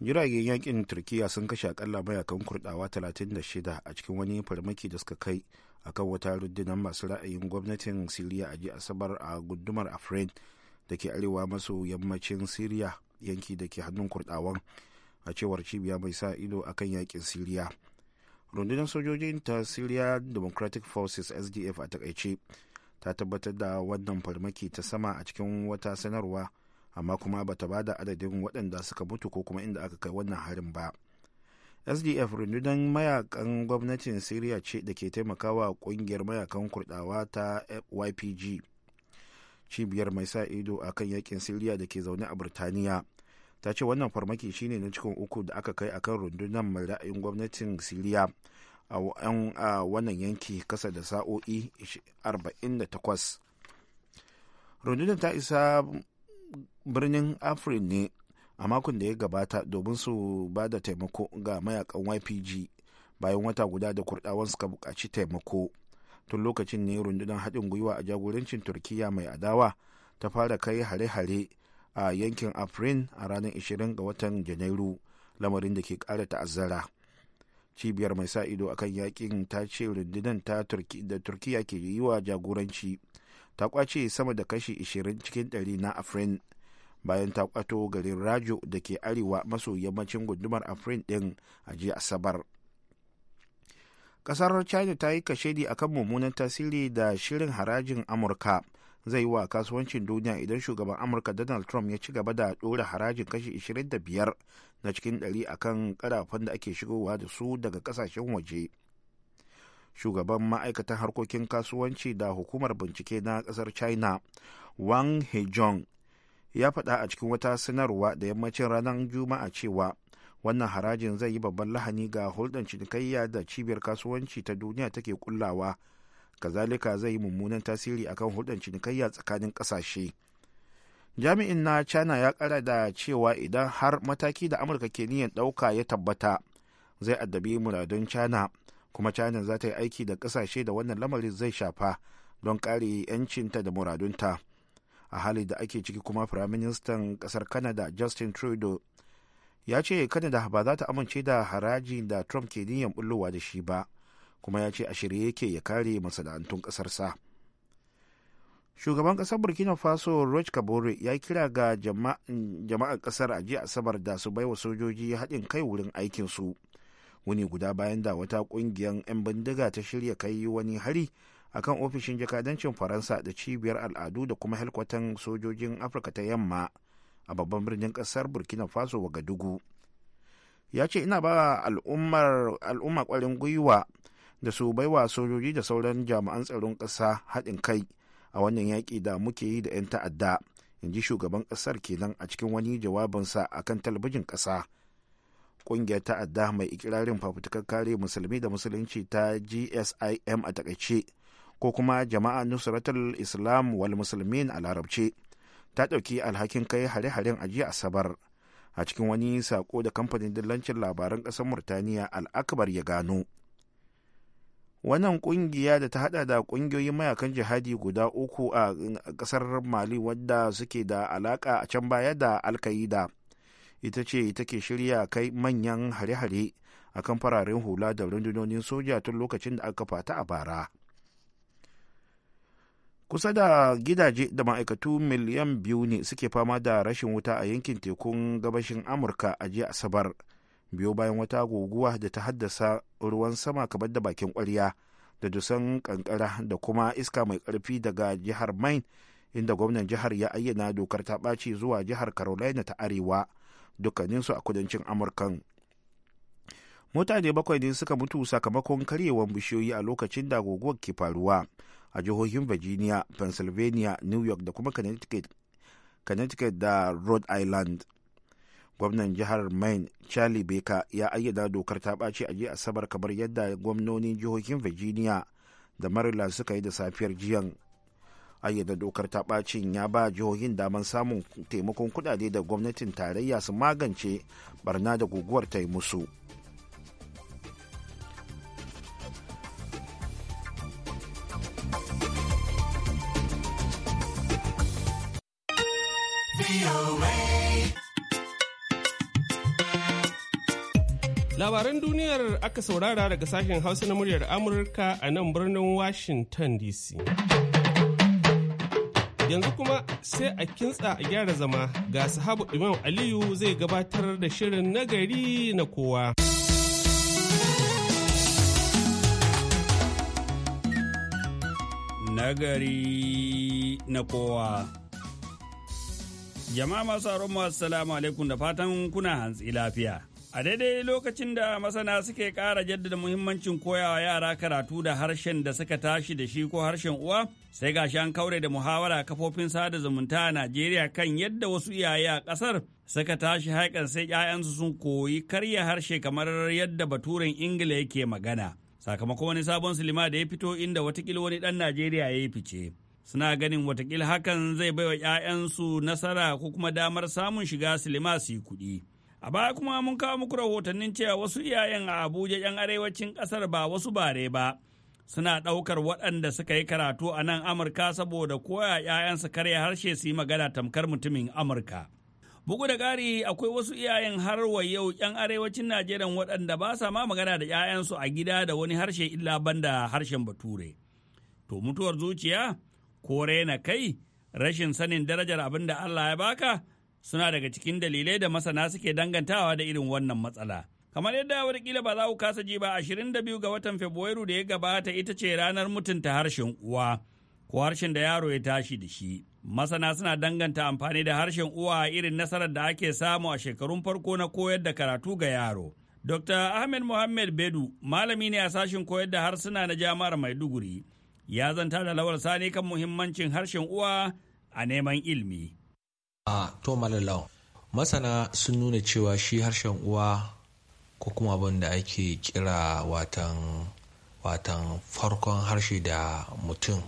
jiragen yakin turkiya sun kashe akalla mayakan kurdawa 36 a cikin wani farmaki da suka kai akan wata rundunar masu ra'ayin gwamnatin siriya a ji asabar a gundumar afrin da ke arewa maso yammacin siriya yanki da ke hannun kurdawan a cewar cibiya mai sa ido akan yakin siriya rundunar sojojin ta syria democratic forces sdf a takaice ta tabbatar da wannan farmaki ta sama a cikin wata sanarwa amma kuma bata bada adadin waɗanda suka mutu ko kuma inda aka kai wannan harin ba sdf rundunar mayakan gwamnatin syria ce da ke taimakawa kungiyar mayakan kurdawa ta ypg cibiyar mai sa ido a kan yakin syria da ke zaune a birtaniya ta ce wannan farmaki shine na cikin uku da aka kai akan rundunar mai ra'ayin gwamnatin syria a wannan yanki kasa da sa'o'i 48 rundunar ta isa birnin afrin ne a makon da ya gabata domin su ba da taimako ga mayakan ypg bayan wata guda da kurdawan suka buƙaci taimako tun lokacin ne rundunar haɗin gwiwa a jagorancin turkiya mai adawa ta fara kai hare-hare a yankin afrin a ranar 20 ga watan janairu lamarin da ke ƙara ta'azzara cibiyar mai sa ido akan yakin ta ce rundunar da turkiya ke yi wa jagoranci ta kwace sama da kashi 20 cikin 100 na afrin bayan ta kwato garin rajo da ke arewa maso yammacin gundumar afrin din a jiya asabar kasar china ta yi kashedi akan mummunan tasiri da shirin harajin amurka zai yi wa kasuwancin duniya idan shugaban amurka donald trump ya ci gaba da ɗora harajin kashi 25 na cikin 100 akan karafan da ake shigowa da su daga kasashen waje. shugaban ma'aikatan harkokin kasuwanci da hukumar bincike na ƙasar china wang hejong ya faɗa a cikin wata sanarwa da yammacin ranar juma'a cewa wannan harajin zai yi babban lahani ga hulɗar cinikayya da cibiyar kasuwanci ta duniya take kullawa kazalika zai yi mummunan tasiri akan hulɗar cinikayya tsakanin ƙasashe jami'in na china ya ƙara da cewa idan har mataki da amurka ke niyyar ɗauka ya tabbata zai addabi muradun china kuma china za ta yi aiki da kasashe da wannan lamarin zai shafa don kare 'yancinta da muradunta a hali da ake ciki kuma firaministan kasar canada justin trudeau ya ce canada ba za ta amince da haraji da trump ke niyan bullowa da shi ba kuma ya ce a shirye yake ya kare masana'antun kasarsa. shugaban kasar burkina faso roch kabore ya kira ga jama'an kasar a jiya asabar da su baiwa sojoji haɗin kai wurin aikinsu wuni guda bayan da wata kungiyar 'yan bindiga ta shirya kai wani hari a kan ofishin jakadancin faransa da cibiyar al'adu da kuma helkwatan sojojin afirka ta yamma a babban birnin kasar burkina faso wagadugu ya ce ina ba al'umma kwarin gwiwa da su baiwa sojoji da sauran jami'an tsaron kasa haɗin kai a wannan yaƙi da muke yi da 'yan ta'adda in ji shugaban ƙasar kenan a cikin wani jawabinsa akan talabijin kasa. kungiyar ta'adda mai ikirarin fafutukar kare musulmi da musulunci ta gsim a takaice ko kuma jama'a nusratul islam wal musulmin a larabce ta ɗauki alhakin kai hare-haren ajiya asabar a cikin wani sako da kamfanin dillancin labaran ƙasar murtaniya al'akbar ya gano wannan kungiya da ta hada da kungiyoyin mayakan jihadi guda uku a kasar mali wadda suke da alaka a can baya da alkaida ita ce take shirya kai manyan hare-hare a kan fararen hula da rundunonin soja tun lokacin da aka fata a bara kusa da gidaje da ma'aikatu miliyan biyu ne suke fama da rashin wuta a yankin tekun gabashin amurka a jiya asabar biyo bayan wata guguwa da ta haddasa ruwan sama kamar da bakin kwarya da dusan kankara da kuma iska mai karfi daga jihar maine inda gwamnan jihar ya ayyana dokar ta ɓaci zuwa jihar carolina ta arewa dukkaninsu a kudancin amurkan mutane bakwai ne suka mutu sakamakon karyewar bishiyoyi a lokacin da guguwar ke faruwa a jihohin virginia pennsylvania new york da kuma connecticut, connecticut da rhode island gwamnan jihar maine charlie baker ya ayyada dokar ta ɓaci a je asabar kamar yadda gwamnonin jihohin virginia da maryland suka yi da safiyar jiyan ayyana dokar ta ɓacin ya ba jihohin daman samun taimakon kudade da gwamnatin tarayya su magance barna da guguwar ta yi musu Labaran duniyar aka saurara daga sashen Hausa na muryar Amurka a nan birnin Washington DC. Yanzu kuma sai a kintsa a gyara zama ga sahabu Imam Aliyu zai gabatar da shirin nagari na kowa. Nagari na kowa. Jama'a masu aron masu salamu alaikum da fatan kuna hantsi lafiya. A daidai lokacin da masana suke ƙara jaddada muhimmancin koyawa yara karatu da harshen da suka tashi da shi ko harshen uwa, sai ga an kaure da muhawara kafofin sada zumunta a Najeriya kan yadda wasu iyaye a ƙasar suka tashi haikan sai 'ya'yansu sun koyi karya harshe kamar yadda baturen Ingila yake magana. Sakamako wani sabon silima da ya fito inda watakila wani ɗan Najeriya ya yi fice. Suna ganin watakila hakan zai baiwa 'ya'yansu nasara ko kuma damar samun shiga silima su yi kuɗi. A baya kuma mun kawo muku rahotannin cewa wasu iyayen a Abuja 'yan arewacin ƙasar ba wasu bare ba. Suna ɗaukar waɗanda suka yi karatu a nan Amurka saboda koya 'ya'yansu karya harshe su yi magana tamkar mutumin Amurka. Bugu da ƙari akwai wasu iyayen har wa yau 'yan arewacin Najeriya waɗanda ba sa ma magana da 'ya'yansu a gida da wani harshe illa banda harshen Bature. To mutuwar zuciya ko raina kai rashin sanin darajar abin da Allah ya baka suna daga cikin dalilai da masana suke dangantawa da irin wannan matsala. Kamar yadda Kila ba za ku kasa ji ba ashirin da 22 ga watan Fabrairu da ya gabata ita ce ranar mutunta harshen uwa ko harshen da yaro ya tashi da shi. Masana suna danganta amfani da harshen uwa a irin nasarar da ake samu a shekarun farko na koyar da karatu ga yaro. Dr. Ahmed Mohammed Bedu, malami ne a sashen koyar da harsuna na jami'ar Maiduguri, ya zanta da lawar sani kan muhimmancin harshen uwa a neman ilimi. a tomalalau masana sun nuna cewa shi harshen uwa ko kuma abin da ake kira watan watan farkon harshe da mutum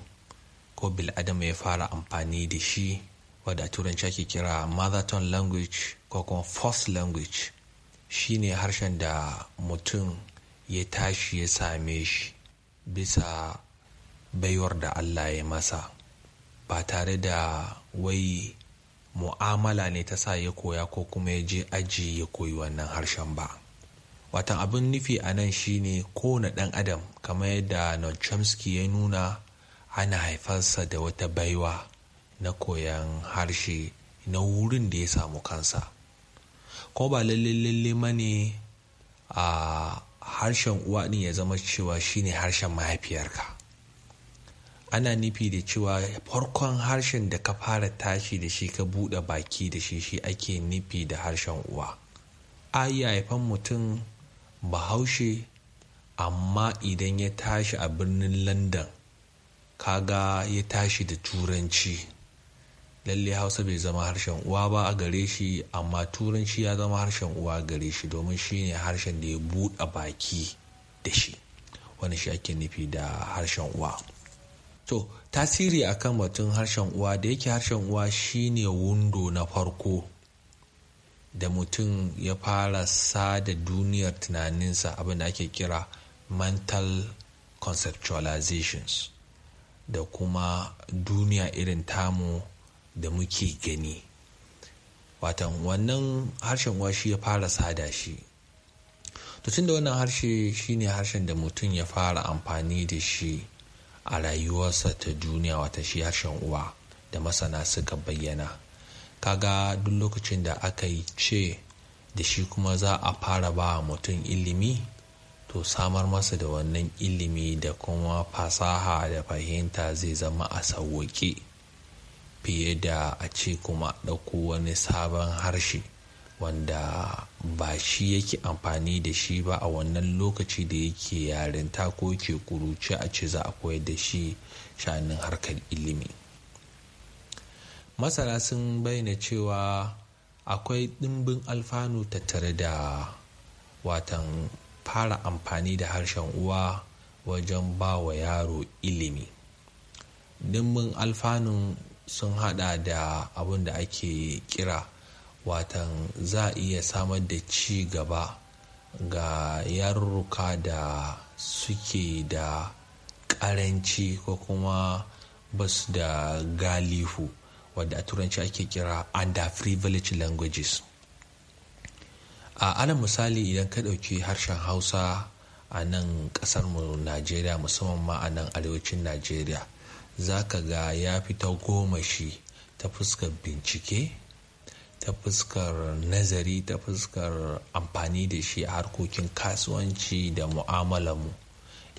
ko bil'adama ya fara amfani da shi wadda turanci ake kira mother tongue language ko kuma first language ne harshen da mutum ya tashi ya same shi bisa baiwar da allah ya masa ba tare da wai mu'amala ne ta sa ya koya ko kuma ya je aji ya koyi wannan harshen ba watan abin nufi a nan shine kowane ɗan adam kamar yadda noam ya nuna ana haifarsa da wata baiwa na koyan harshe na wurin da ya samu kansa ko ba lalle lalle mane a harshen uwa ɗin ya zama cewa shine harshen mahaifiyarka ana nufi da cewa farkon harshen da ka fara tashi da shi ka buɗe baki da shi shi ake nufi da harshen uwa a iya haifan mutum bahaushe amma idan ya tashi a birnin london kaga ya tashi da turanci lalle hausa bai zama harshen uwa ba a gare shi amma turanci ya zama harshen uwa gare shi domin shi ne harshen da ya buɗe baki da shi wani shi ake nufi da harshen uwa to tasiri kan batun harshen uwa da yake harshen uwa shine wundo na farko da mutum ya fara sada duniyar tunaninsa abin ake kira mental conceptualizations da kuma duniya irin tamu da muke gani watan wannan harshen uwa shi ya fara sada shi to tun da wannan harshe shine harshen da mutum ya fara amfani da shi a rayuwarsa ta duniya wata shi harshen uwa da masana suka bayyana kaga duk lokacin da aka yi ce da shi kuma za a fara ba mutum ilimi to samar masa da wannan ilimi da kuma fasaha da fahimta zai zama a sauwaƙe fiye da a ce kuma ɗauko wani sabon harshe wanda ba shi yake amfani da shi ba a wannan lokaci da yake yarinta ko ke kuruci a ce za a koyar da shi shanin harkar ilimi masana sun bayyana cewa akwai ɗimbin alfanu tattare da watan fara amfani da harshen uwa wajen ba wa yaro ilimi ɗimbin alfanun sun hada da abin da ake kira watan za a iya samar da ci gaba ga yarurruka da suke da karanci ko kuma basu da galihu wadda a turanci ake kira underprivileged languages a alal misali idan ka ɗauki harshen hausa a nan mu najeriya musamman ma a nan arewacin najeriya za ka ga ya fita goma shi ta fuskar bincike ta fuskar nazari ta fuskar amfani da shi a harkokin kasuwanci da mu'amalanmu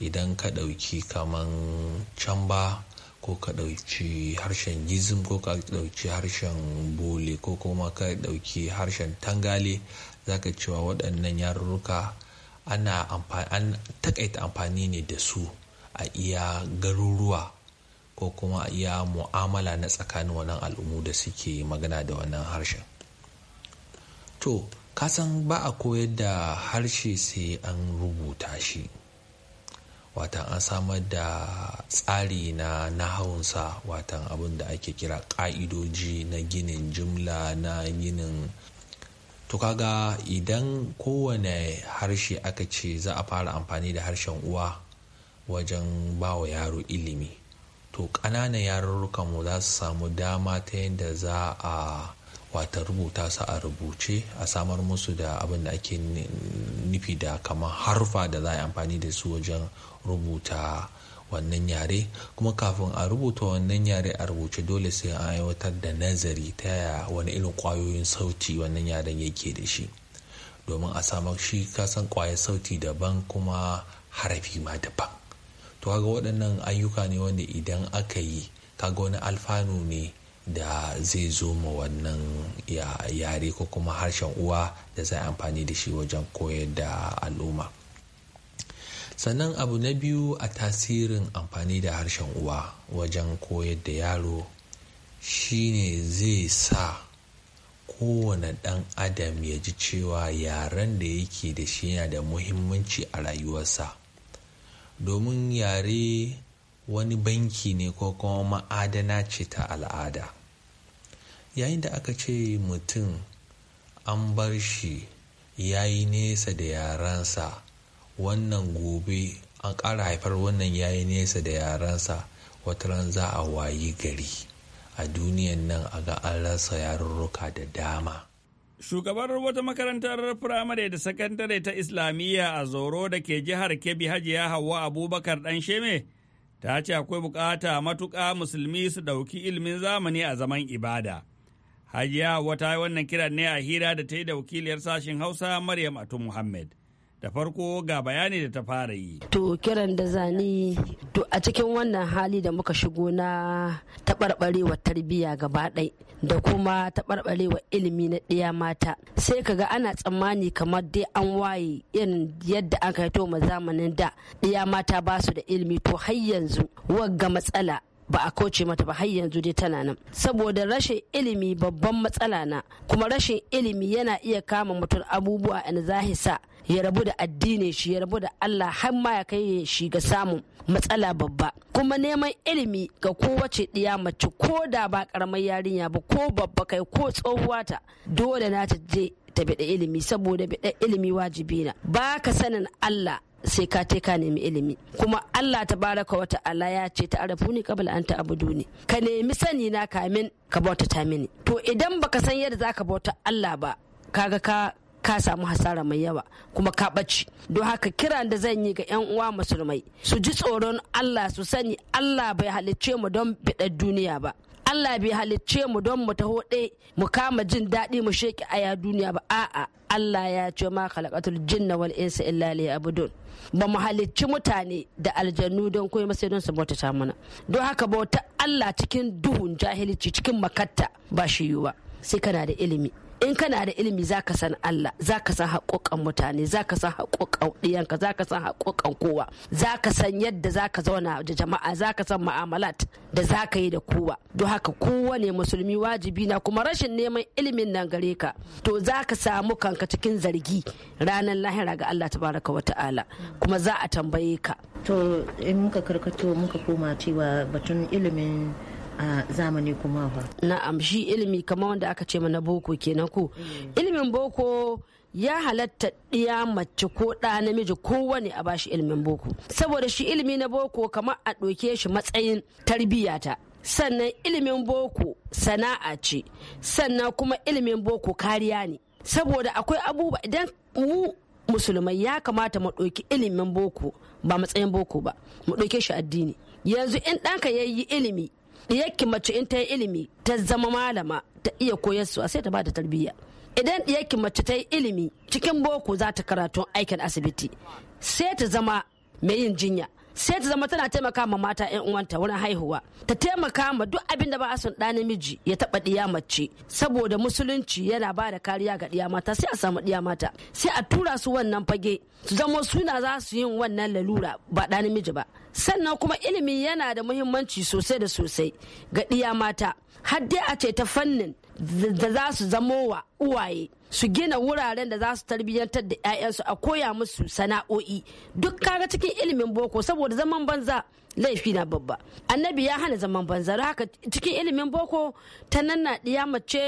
idan ka ɗauki kaman camba ko ka ɗauki harshen gizim ko ka ɗauki harshen bole ko kuma ka ɗauki harshen tangale zaka cewa waɗannan yarurruka ana an takaita amfani ne da su a iya garuruwa ko kuma a iya mu'amala na tsakanin wannan al'ummu da suke magana da wannan harshen to kasan ba a koyar da harshe sai an rubuta shi watan an samar da tsari na nahawunsa watan abin da ake kira ƙa'idoji na ginin jumla na ginin to kaga idan kowane harshe aka ce za a fara amfani da harshen uwa wajen ba wa yaro ilimi to ƙananan yarurrukanmu za su samu dama ta yadda za a wata rubuta su a rubuce a samar musu da abin da ake nufi da kamar harfa da za a yi amfani da su wajen rubuta wannan yare kuma kafin a rubuta wannan yare a rubuce dole sai an aiwatar da nazari ta yaya wani irin kwayoyin sauti wannan yaren yake da shi domin a samar shi kasan kwayar sauti daban kuma harafi ma daban to kaga waɗannan ayyuka ne wanda idan aka yi kaga wani alfanu ne da zai zo ma wannan yare ko kuma harshen uwa da zai amfani da shi wajen koyar da al'umma sannan abu na biyu a tasirin amfani da harshen uwa wajen koyar da yaro shine zai sa kowane ɗan adam ya ji cewa yaren da yake da shi yana da muhimmanci a rayuwarsa domin yare wani banki ne ko kuma ma'adana ce ta al'ada yayin da aka ce mutum an bar shi ya yi nesa da yaransa wannan gobe an ƙara haifar wannan ya yi nesa da yaransa wataran za a wayi gari a duniyan nan a ga an rasa yarurruka da dama Shugabar wata makarantar firamare da sakandare ta Islamiyya a Zoro da ke jihar Kebbi Hajiya Hauwa Abubakar sheme. ta ce akwai bukata matuƙa musulmi su ɗauki ilmin zamani a zaman ibada. Hajiya wata wannan kiran ne a hira da ta yi da wakiliyar sashen Hausa Maryam Atu Muhammad. da farko ga bayani da ta fara yi. To kiran da zani to a cikin wannan hali da muka shigo na taɓarɓarewa tarbiyya gaba ɗai da kuma taɓarɓarewa ilimi na ɗaya mata sai kaga ana tsammani kamar dai an waye irin yadda an kaito ma zamanin da ɗaya mata ba su da ilimi to har yanzu wagga matsala ba a kauce mata ba har yanzu dai tana nan saboda rashin ilimi babban matsala na kuma rashin ilimi yana iya kama mutum abubuwa in zahisa ya rabu da addini shi ya rabu da Allah har ma ya kai shi ga samun matsala babba kuma neman ilimi ga kowace ɗiya mace ko da ba karamar yarinya ba ko babba kai ko tsohuwa ta dole na ta je ta da ilimi saboda da ilimi wajibi na ba ka sanin Allah sai ka te ka nemi ilimi kuma Allah ta baraka wata ala ya ce ta arafu ni kabla an ta'budu ni ka nemi sani na kamin ka bauta ta mini to idan baka san yadda zaka bauta Allah ba kaga ka ka samu hasara mai yawa kuma ka ɓaci don haka kiran da zan yi ga 'yan uwa musulmai su ji tsoron allah su sani allah bai halicce mu don biɗar duniya ba Allah bai halicce mu don mu taho mu kama jin daɗi mu sheƙi a duniya ba a'a Allah ya ce ma khalaqatul jinna wal insa illa liya'budun ba mu halicci mutane da aljannu don koyi masai don su bauta mana don haka bauta Allah cikin duhun jahilci cikin makatta ba shi yiwa sai kana da ilimi in kana da ilimi za ka san Allah za ka san haƙoƙan mutane za ka san haƙoƙan ɗiyanka za ka san haƙoƙan kowa za ka san yadda za ka zauna da jama'a za ka san ma'amalat da za ka yi da kowa don haka kowa ne musulmi wajibi na kuma rashin neman ilimin nan gare ka to za ka samu kanka cikin zargi ranar lahira ga Allah tabaraka wa ta'ala kuma za a tambaye ka to in muka karkato muka koma cewa batun ilimin a zamani kuma ba na'am shi ilimi kamar wanda aka ce mana boko kenan ku. ilimin boko ya halatta ɗiya mace ko ɗa namiji kowane a bashi ilimin boko saboda shi ilimi na boko kamar a ɗauke shi matsayin tarbiyyata sannan ilimin boko sana'a ce sannan kuma ilimin boko kariya ne saboda akwai abubuwa idan mu musulmai ya kamata mu ɗauki ilimin boko ba matsayin boko ba mu ɗauke shi addini yanzu in ɗanka ya yi ilimi ɗiyakki mace in ta yi ilimi ta zama malama ta iya a sai ta ba da tarbiyya idan ɗiyakki mace ta yi ilimi cikin boko za ta karatu aikin asibiti sai ta zama mai yin jinya sai ta zama tana taimaka ma mata yan uwanta wurin haihuwa ta taimaka ma duk abin da ba a son ɗa namiji ya taɓa ɗiya mace saboda musulunci yana ba da kariya ga ɗiya mata sai a samu ɗiya mata sai a tura su wannan fage su zama suna za su yin wannan lalura ba ɗa namiji ba sannan kuma ilimi yana da muhimmanci sosai da sosai ga ɗiya mata har dai a ce ta fannin da za su zamo wa uwaye su gina wuraren da za su tarbiyyantar da 'ya'yansu a koya musu sana'o'i duk kaga cikin ilimin boko saboda zaman banza laifi na babba annabi ya hana zaman banza haka cikin ilimin boko ta nan na ɗiya mace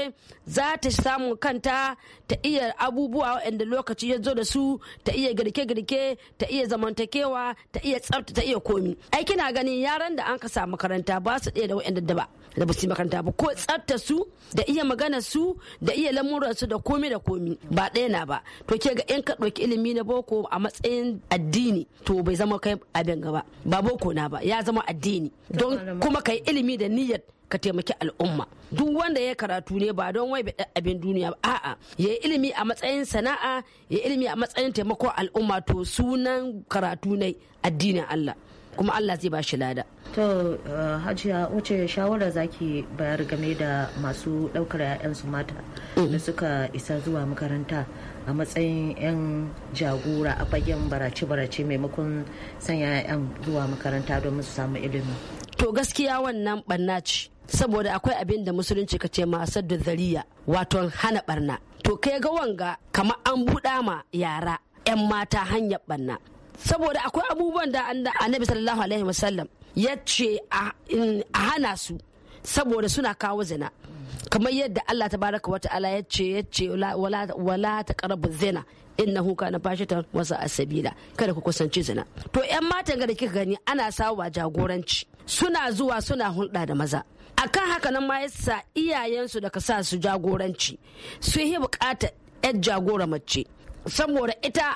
za ta samu kanta ta iya abubuwa waɗanda lokaci ya zo da su ta iya girke-girke ta iya zamantakewa ta iya tsafta ta iya komi ai kina ganin yaran da an ka sa makaranta ba su ɗaya da waɗanda da ba da ba su makaranta ba ko tsafta su da iya magana su da iya lamuran su da komi da komi ba ɗaya na ba to ke ga in ka ɗauki ilimi na boko a matsayin addini to bai zama kai abin gaba ba boko na ba ya zama addini don kuma kai ilimi da niyyar ka taimaki al'umma duk wanda ya karatu ne ba don wai abin duniya ba a'a ya yi ilimi a matsayin sana'a ya yi ilimi a matsayin taimako al'umma to sunan karatu ne addinin Allah kuma Allah zai ba shi lada to uh, hajiya wace shawara zaki bayar game da masu daukar 'ya'yansu mata da suka isa zuwa makaranta a matsayin 'yan jagora a fagen barace-barace maimakon sanya 'yan zuwa makaranta don su samu ilimi to gaskiya wannan barna ce saboda akwai abin da musulunci ka ce masu zariya wato hana barna to kai ga wanga kamar an buɗa ma yara 'yan mata hanyar ɓanna. saboda akwai abubuwan da annabi sallallahu alaihi wasallam ya ce a hana su saboda suna kawo zina kamar yadda Allah ta baraka wa ta'ala ya ce ya ce wala ta karabu zina huka na fashatan wasa asabila kada ku kusanci zina to yan matan ga da kika gani ana sawa jagoranci suna zuwa suna hulɗa da maza a kan haka nan ma yasa iyayensu da ka sa su jagoranci su yi bukata yar jagora mace saboda ita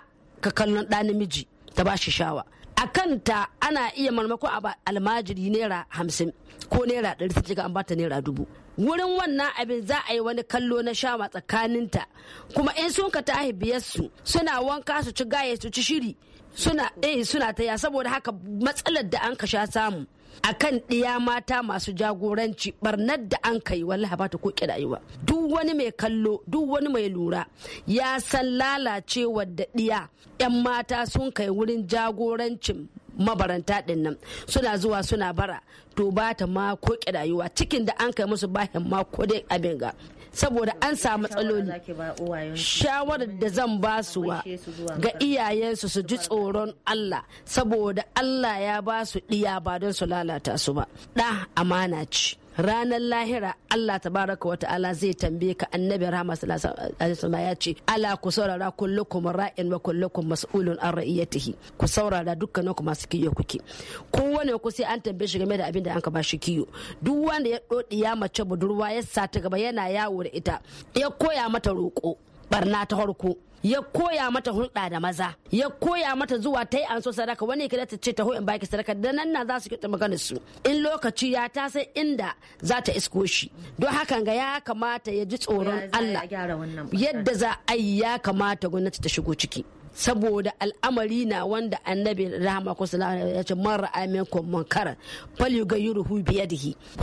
ka kallon ɗa namiji ta ba shi shawa a kanta ana iya marmako a almajiri naira hamsin ko naira ɗari ta cika an bata naira dubu wurin wannan abin za a yi wani kallo na shawa tsakaninta kuma in sun ka tahi biyarsu suna wanka su ci gaya su ci shiri suna eh, suna taya saboda haka matsalar da an ka sha samu akan ɗiya mata masu jagoranci barnar da an kai wallahi ba ta ko rayuwa duk wani mai kallo duk wani mai lura ya san lalacewar da ɗiya 'yan mata sun kai wurin jagorancin mabaranta ɗin nan suna zuwa suna bara to ba ta ma ko rayuwa cikin da an kai musu bayan ma ko dai abin ga saboda an samu matsaloli shawarar da zan ba su wa ga iyayensu su ji tsoron Allah saboda Allah ya ba su ɗiya ba don su lalata su ba ɗa amana ce ranar lahira Allah tabaraka wa ta'ala zai tambaye ka annabi rahama sallallahu ya ce ala ku saurara kullukum ra'in wa kullukum mas'ulun an ra'iyatihi ku saurara dukkanin ku masu kiyo kuke wani ku sai an tambaye shi game da abin da an ka ba shi kiyo duk wanda ya dodi ya mace budurwa ya sata gaba yana yawo da ita ya koya mata roko barna ta farko ya koya mata hulɗa da maza ya koya mata zuwa ta yi an so sadaka wani kada ta ce ta in baki sadaka da nan na za su kyauta maganar su in lokaci ya ta sai inda za ta isko shi don hakan ga ya kamata ya ji tsoron Allah yadda za a yi ya kamata gwamnati ta shigo ciki saboda al'amari na wanda annabi rahama ko ya ce man ra'a minkum munkara fal yughayyiruhu bi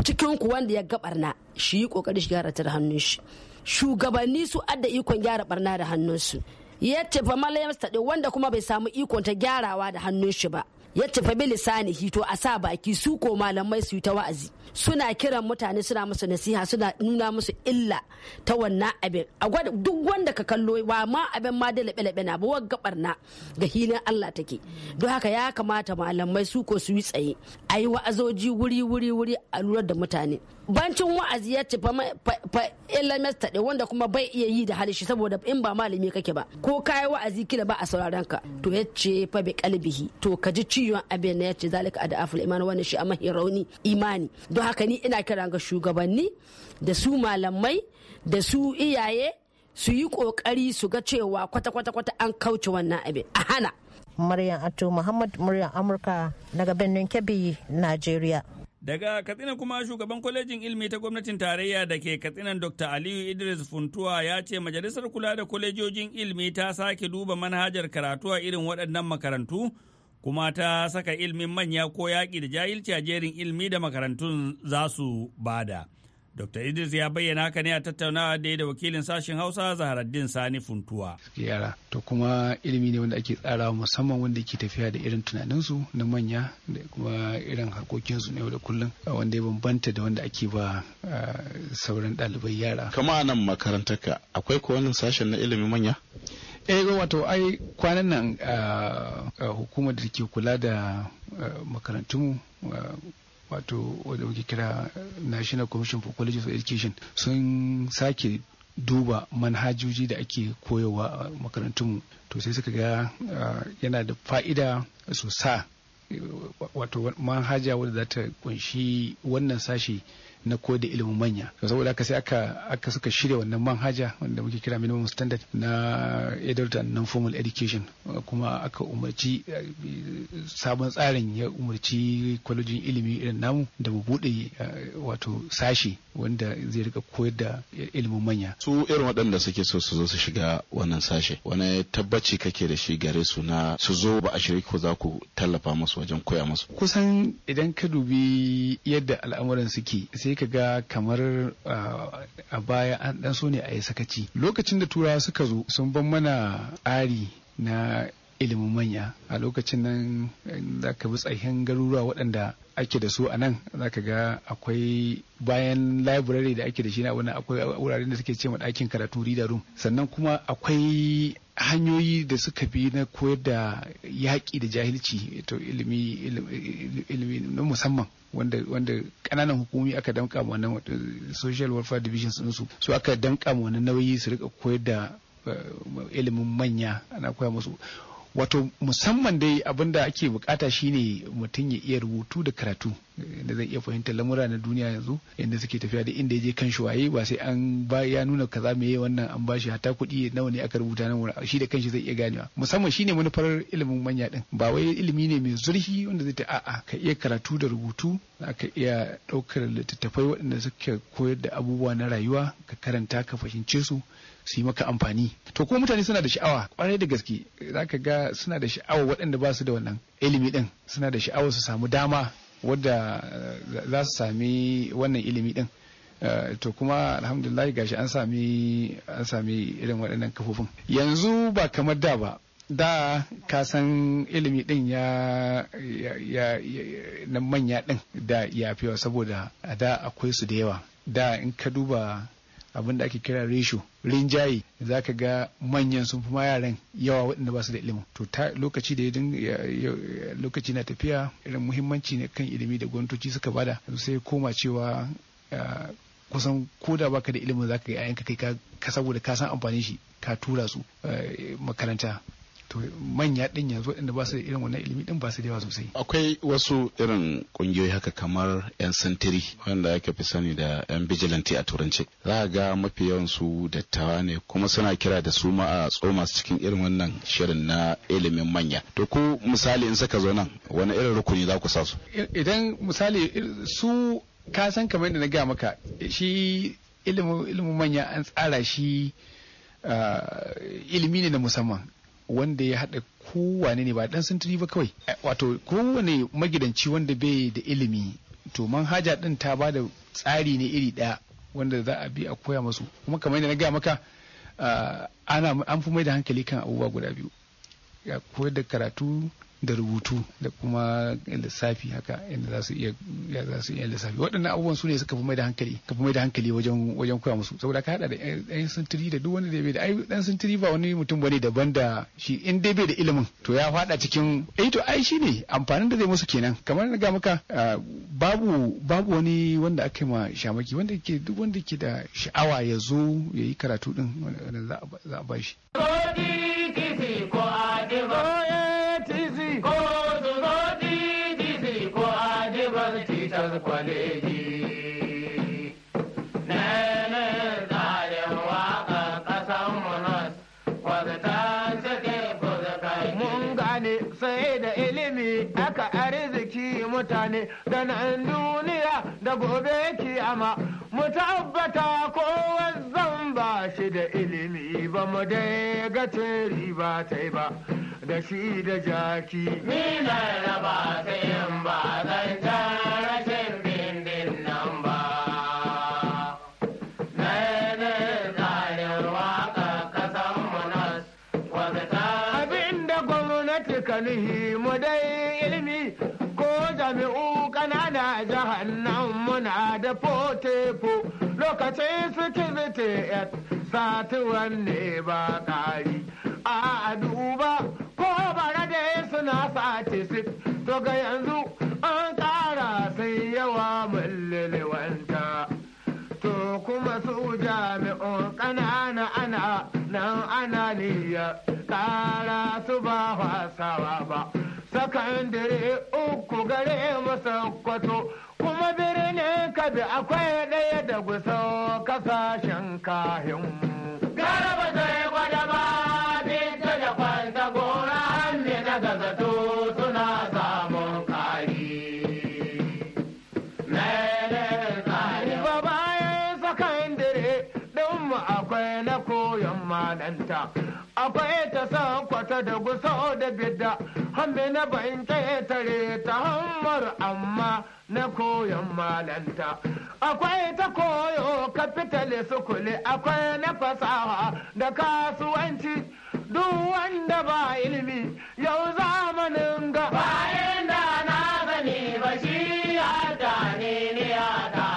cikin ku wanda ya gabarna shi yi kokari shi gyara ta hannun shi shugabanni su adda ikon gyara barna da hannunsu yace fa mala wanda kuma bai samu ikon ta gyarawa da hannun shi ba ya tafi bilisanihi to a sa baki su ko malamai su yi ta wa'azi suna kiran mutane suna musu nasiha suna nuna musu illa ta wannan abin a duk wanda ka kallo ba ma abin ma da labe labe na ba wagga barna ga hilin Allah take don haka ya kamata malamai su ko su yi tsaye a yi wa'azoji wuri wuri wuri a lura da mutane bancin wa'azi ya ce fa ilmes taɗe wanda kuma bai iya yi da halishi saboda in ba malami kake ba ko kayi wa'azi kila ba a sauraron ka to ya ce fa bi kalbihi to ka ji ci ciwon abin na yace zalika adaful iman wannan shi a mahi rauni imani don haka ni ina kira ga shugabanni da su malamai da su iyaye su yi kokari su ga cewa kwata-kwata-kwata an kauce wannan abin a hana Maryam Ato Muhammad Maryam Amurka daga Benin Kebbi, nigeria. Daga Katsina kuma shugaban kwalejin ilimi ta gwamnatin tarayya da ke Katsinan Dr. Aliyu Idris Funtuwa ya ce majalisar kula da kwalejojin ilimi ta sake duba manhajar karatu a irin waɗannan makarantu kuma ta saka ilmin manya ko yaƙi da jahilci a jerin ilmi da makarantun za su bada. Dr. Idris ya bayyana haka ne a tattaunawa da da wakilin sashen Hausa Zaharaddin Sani Funtuwa. Yara to kuma ilimi ne wanda ake tsara musamman wanda ke tafiya da irin tunaninsu na manya da kuma irin harkokinsu na yau da kullum wanda ya bambanta da wanda ake ba sauran ɗalibai yara. Kama nan makarantarka akwai ko sashen na ilimin manya? eh wato ai kwanan nan ah, ah, hukumar da ke kula da ah, makarantunmu wato wadda muke kira national commission for colleges of education sun sake duba manhajoji da ake koyarwa a makarantunmu to sai suka ga yana da fa'ida sa wato manhaja wadda za ta kunshi wannan sashi na da ilimin manya saboda haka sai aka aka suka shirya wannan manhaja wanda muke kira minimum standard na adult and non formal education kuma aka umarci eh, sabon tsarin ya umarci kwalejin ilimi irin namu da mu bude eh, wato sashi wanda zai rika koyar da ilimin manya su irin waɗanda suke so su zo su shiga wannan sashe wani tabbaci kake da shi gare su na su zo ba a shirye ko za ku tallafa musu wajen koya musu kusan idan ka dubi yadda al'amuran suke sai sai ka ga kamar a baya an dan so ne a yi sakaci lokacin da turawa suka zo sun ban mana tsari na ilimin manya a lokacin nan za ka bi tsayin garuruwa waɗanda ake da su a nan za ka ga akwai bayan library da ake da shi na wannan akwai wuraren da suke ce ma ɗakin karatu reader room sannan kuma akwai hanyoyi da suka bi na koyar da yaƙi da jahilci ilimi na musamman wanda wanda kananan hukumomi aka danka ma wannan social welfare divisions din su su aka danka ma wannan nauyi su rika koyar da eh, ilimin manya ana koya musu wato musamman dai abin da ake bukata shine mutum ya iya rubutu da karatu da zai iya fahimtar lamura na duniya yanzu inda suke tafiya da inda ya je kan shuwaye ba sai an ba ya nuna kaza me yayi wannan an bashi hata kuɗi nawa ne aka rubuta nan shi da kanshi zai iya ganewa musamman shine manufar ilimin manya din ba wai ilimi ne mai zurfi wanda zai ta a'a ka iya karatu da rubutu aka iya ɗaukar littattafai waɗanda suke koyar da abubuwa na rayuwa ka karanta ka fahimce su su yi maka amfani to ko mutane suna da sha'awa kwarai da gaske zaka ga suna da sha'awa waɗanda ba su da wannan ilimi din suna da sha'awa su samu dama wadda eh, za su sami wannan ilimi din eh, to kuma alhamdulillah gashi an sami an sami irin waɗannan kafofin yanzu ba kamar da ba da ka san ilimi din ya na manya din da ya fi saboda a da akwai su da yawa da in ka duba abin da ake kira reshu rinjaye za ka ga manyan sun fi ma yaran yawa waɗanda ba su da ilimin to ta lokaci da lokaci na tafiya irin muhimmanci ne kan ilimi da gwamnatoci suka bada sai koma cewa ah, kusan ko da baka da ilimin zaka a yayanka kai ka saboda ka san amfanin shi ka tura su ah, makaranta to manya din yanzu waɗanda ba su da irin wannan ilimi din ba su da yawa sosai akwai wasu irin kungiyoyi haka kamar yan sintiri wanda ake fi sani da yan vigilante a turanci za ga mafi yawan su dattawa ne kuma suna kira da su ma a tsoma su cikin irin wannan shirin na ilimin manya to ku misali in suka zo nan wani irin rukuni za ku sa su idan misali su ka san kamar yadda na ga maka shi ilimin manya an tsara shi ah, ilimi ne na musamman wanda ya haɗa kowane ne ba ɗan sintiri ba kawai eh, wato kowane magidanci wanda bai da ilimi to manhaja ɗin ta ba da tsari ne iri ɗaya wanda za a bi a koya masu kuma kamar yadda na gaya maka ah, ana an fi mai da hankali kan abubuwa guda biyu ya koyar da karatu da rubutu da kuma lissafi haka inda za su iya za su iya lissafi waɗannan abubuwan su ne suka fi mai da hankali ka fi mai da hankali wajen wajen koya musu saboda ka hada da ɗan sintiri da duk wani da bai da ai ɗan sintiri ba wani mutum bane daban da shi in dai bai da ilimin to ya fada cikin eh to ai shine amfanin da zai musu kenan kamar na ga maka babu babu wani wanda aka yi ma shamaki wanda ke duk wanda ke da sha'awa ya zo ya yi karatu din wanda za a ba shi. mutane da nan duniya da gobe kiyama mu tabbata kowa zan ba shi da ilimi ba mu dai ga riba ta ba da shi da jaki ni na raba ta yin ba zan tefo-tefo lokacin sikiriti yat sati wanne ba ƙari a duba ko bara da suna sati sif to ga yanzu an kara sai yawa mullilwanta to kuma su jami'un ƙanana ana nan ana niyya ƙara su ba wasawa ba sakandare uku gare masa kwato kuma birnin kabi akwai ɗaya da gusau kasashen kahin. Garaba zai gwada ba binta da kwanta gora hannu na gazato suna samun kari. Ba bayan sakandire ɗinmu akwai na koyon malanta, akwai ta ta da gusa da bidda hambe na bayin ƙetare ta hammar amma na koyon malanta akwai ta koyo kafitali sukuli akwai na fasaha da kasuwanci duk wanda ba ilimi yau zamanin ga bayan da na gani ba shi ya ne ya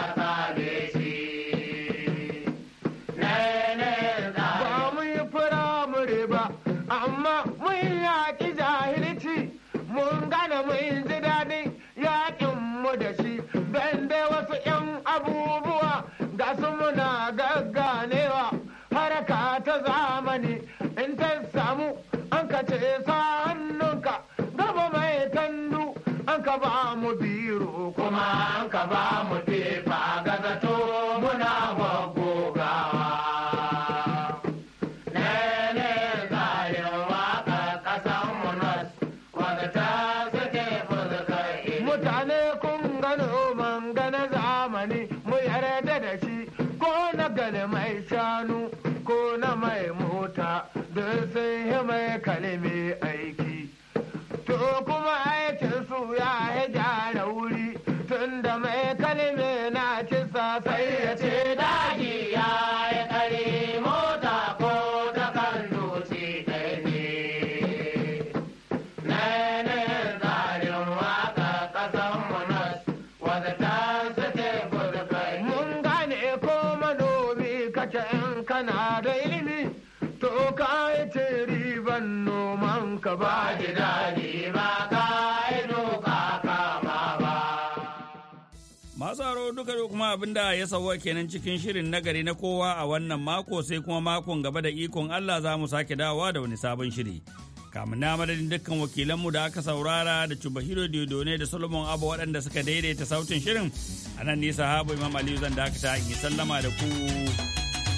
kana da ilimi to ka yi ce riban noman ka ba ji ba ka yi doka kama ba. Masu haro duka kuma abinda ya sauwa kenan cikin shirin nagari na kowa a wannan mako sai kuma makon gaba da ikon Allah za mu sake dawowa da wani sabon shiri. kamun na madadin dukkan wakilanmu da aka saurara da Chubahiro ne da Solomon Abu waɗanda suka daidaita sautin shirin a nan nisa habu Imam Aliyu zan dakata in sallama da ku